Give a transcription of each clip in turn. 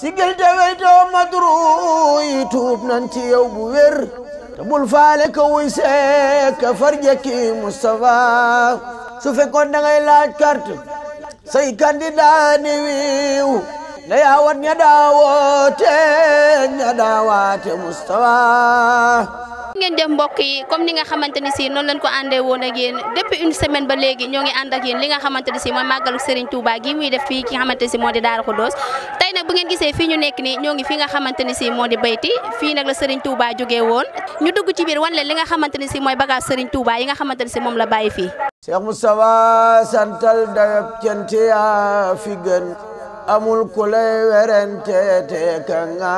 sigil te weytoo madru yi tuub nan ci bu wér te bul faale ka wuy seek ka farjekki Moustapha su fekkoon da ngay laaj carte say candidat ni wiiw na yaawat ña daawoote ña daawaate Moustapha ngeen jëf mbokk yi comme ni nga xamanteni si non lañ ko andé won ak yeen depuis une semaine ba légui ñoo ngi ak yeen li nga xamanteni si moy magalu Serigne Touba gi muy def fi ki nga xamanteni si modi di ko dos tay nak bu ngeen gisee fi ñu nekk ni ñoo ngi fi nga xamanteni si modi di bayti fii nag la Serigne Touba joggé won ñu dugg ci biir wan le li nga xamanteni si moy bagage Serigne Touba yi nga xamanteni si mom la bayyi fi Cheikh Moustapha santal dayab cant yaa fi gën amul ku lay werante te ka nga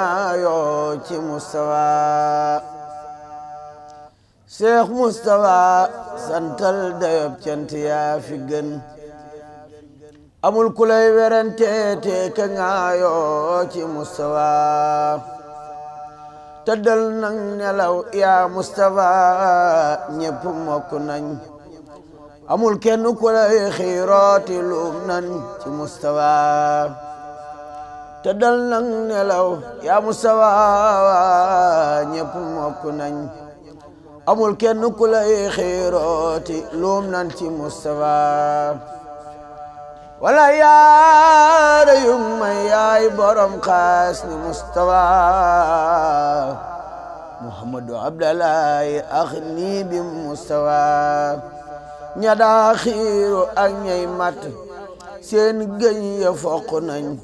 ci Moustapha Cheikh Moustapha santal dayob cant yaa fi gën amul ku lay werante te ka ngaayoo ci Moustapha tëddal nang nelaw yaa Moustapha ñépp mokk nañ amul kenn ku lay xiirooti luum nan ci Moustapha tëddal nang nelaw yaa Moustapha ñépp mokk nañ amul kenn ku lay xiirooti luum nan ci Mustafa wala yaara yum may yaay borom xaas ni Mustafa Muhammadu Abdallahi ax nii Mustafa ña daa xiiru mat seen gëñ ya foq nañ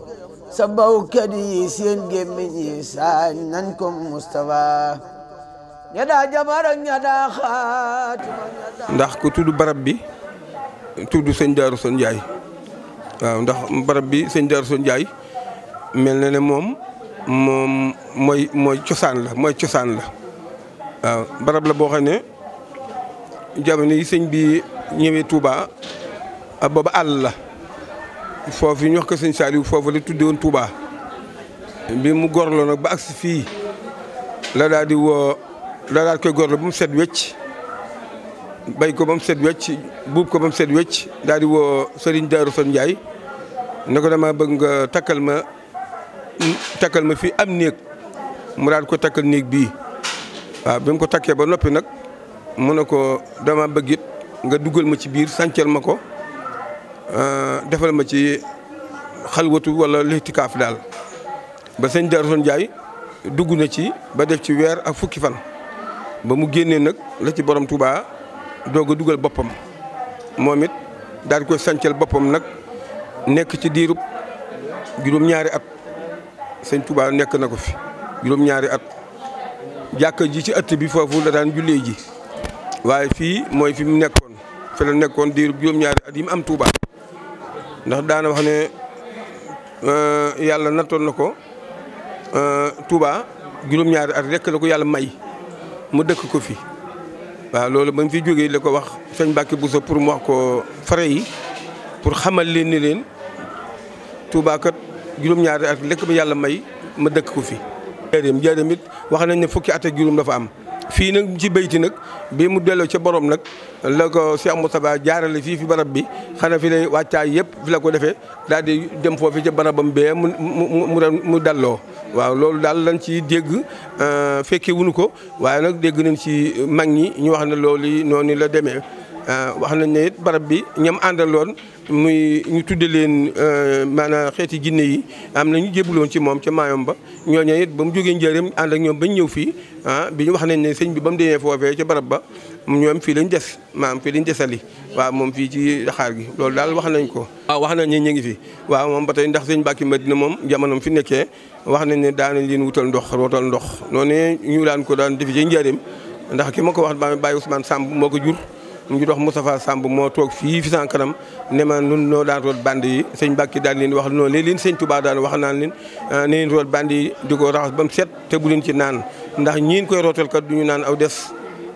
sa bawkat yi seen gémmiñ yi saañ nañ ko Mustafa ña jabar ak ña ndax ku tuddu barab bi tuddu seigne Daaru son jaay waaw ndax barab bi seigne Daaru son jaay melne ne mom mom moy moy ciosan la moy ciosan la waaw barab la bo xane ne jamono yi sëñ bi ñewé Touba ah, booba àll la ñu wax ko seigne saliw fofu la tuddé won Touba bi mu gorlo nak ba agsi fi la daal wo daal koy góorlu bu mu set wecc bay ko ba mu set wécc buub ko ba mu set wécc daal di woo Serigne Darou Son Ndiaye ne ko dama bëgg nga takkal ma takkal ma fii am néeg mu daal ko takkal néeg bii waaw bi mu ko takkee ba noppi nag mu ne ko dama bëgg nga duggal ma ci biir sàncal ma ko euh, defal ma ci xalwatu wala lixtikaaf daal ba sëñ Darou Son Ndiaye dugg na ci ba def ci weer ak fukki fan ba mu génnee nag la ci borom Touba doog a dugal boppam moom it daal di koy sancal boppam nag nekk ci diirub juróom-ñaari at sëñ Touba nekk na ko fi juróom-ñaari at jàkka ji ci ëtt bi foofu la daan jullee ji waaye fii mooy fi mu nekkoon fi nekkoon diirub juróom-ñaari at yi mu am Touba ndax daana wax ne euh, yàlla nattoon na ko euh, Touba juróom-ñaari at rekk la ko yàlla may mu dëkk ko fi waaw loolu ba mu fi jógee la ko wax sëñ Mbacke Bousso pour mu wax ko fare yi pour xamal leen ni leen tuubaakat kat juróom-ñaari at lekk ba yàlla may ma dëkk ko fi. Njaareem Njaareem it wax nañ ne fukki at ak juróom dafa am fii nag ci bayti nag bi mu delloo ca boroom nag la ko Cheikh Moustapha jaarale fii fi barab bi xanaa fi lay wàccaay yëpp fi la ko defee daal di dem foofu ca barabam bee mu mu mu mu dalloo. waaw loolu daal lañ ci dégg euh, fekke wuñu ko waaye nag dégg nañ ci mag ñi ñu wax ne loolu noonu la demee Euh, wax nañ ne it barab bi ñam àndaloon muy ñu tudde leen euh, maanaam xeeti jinne yi am na ñu jébbuloon ci moom ca maayom ba ñooñu it ba mu jógee njëriñ ànd ak ñoom bañ ñëw fii ah bi ñu wax nañ ne sëñ bi ba mu demee foofee ca barab ba ñoom fii lañ des maam fii lañ desali waaw moom fii ci xaar gi loolu daal wax nañ ko. waaw ah, wax nañ ne ñu ngi fi waaw moom ba tey ndax sëñ Mbàkke Madina moom jamonoom fi nekkee wax nañ ne daan nañ leen wutal ndox rootal ndox noonu ñu daan ko daan defi ci njëriñ ndax ki ma ko wax bàyyi Ousmane Samb moo ko jur mu ngi dox Moustapha Samb moo toog fii fi san ne ma nun noo daan root band yi sëñ Mbàkke daan leen wax noonu léeg leen sëñ Touba daan wax naan leen ah, ne leen root band yi ko raxas ba mu set te bu leen ci naan ndax ñiin koy rootal kat du ñu naan aw des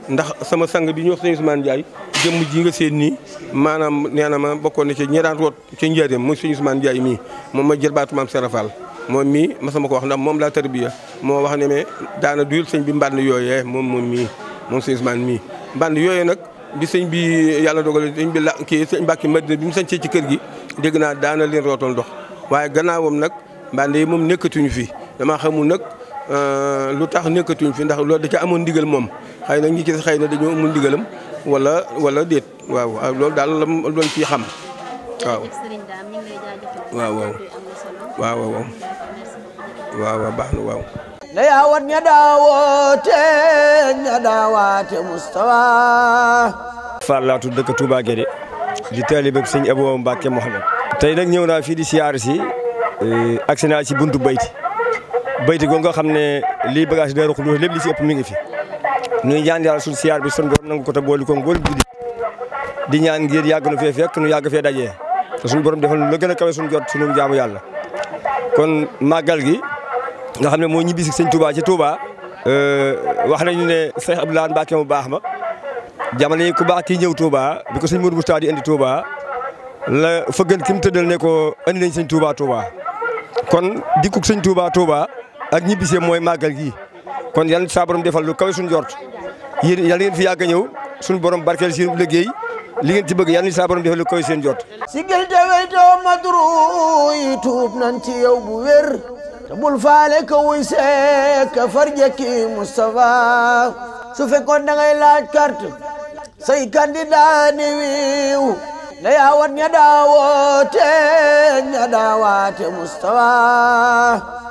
ndax sama sang bi ñu wax sëñ Ousmane Ndiaye jëmm ji nga seen nii maanaam nee na ma bokkoon na ci ñi daan root ca njëriñam muy sëñ Ousmane Ndiaye mii moom ma jërbaatu maam Serafal moom mii ma sama ko wax ndax moom laa tarbiya moo wax ne me daana duyul sëñ bi mbànd yooyee moom moom mii moom sëñ mii mbànd yooyee nag bi sëñ bii yàlla dogal sëñ bi la kii sëñ Mbàkke Madina bi mu sañcee ci kër gi dégg naa daana leen rootoon ndox waaye gannaawam nag mbànde yi moom nekkatuñu fi damaa xamul nag euh, lu tax nekkatuñu fi ndax lool da ca amoon ndigal moom xay na ñu gis xëy na dañoo amul ndigalam walla wala déet waaw loolu daal la doon ciy xam waaw. waaw waaw waaw waaw waaw baax na waaw. na yaawat ña daawoote ña daawaate Moustapha fallaatu dëkk Touba Guédé di taalibe bi sëñ Abou Mbacke Mouhamed tey nag ñëw naa fii di siyaar si eh, agsi naa si buntu bayti bayti goo nga xam ne lii bagage Daaru Xudoos lépp li si ëpp mi ngi fi ñuy ñaan yàlla suñu siyaar bi suñu borom nangu ko te booli ko booli guddi di ñaan ngir yàgg nu fee fekk nu yàgg fee dajee te suñu borom defal lu gën a kawe suñu jot suñu jaamu yàlla kon màggal gi nga xam ne moo ñibbisi sëñ Touba ci Touba euh, wax nañu ne Cheikh Abdoulaye Mbacke bu baax ma jamono yi ku baax kii ñëw Touba bi ko sëñ Modou Moustapha di indi Touba la fëggan ki mu tëddal ne ko indi nañ sëñ Touba Touba kon dikkug sëñ Touba Touba ak ñibbisee mooy màggal gi kon yan saa borom defal lu kawe suñu jort yéen yal ngeen fi yàgg a ñëw suñu borom barkeel seen liggéey li ngeen ci bëgg yal ni saa borom defal lu kawe seen jort sigil te weytoo madru yi tuub nañ ci te bul faale ka wuy see ka farjaki Moustapha su fekkoon da ngay laaj carte say candidat ni wiiw ña daawoote ña daawaate Moustapha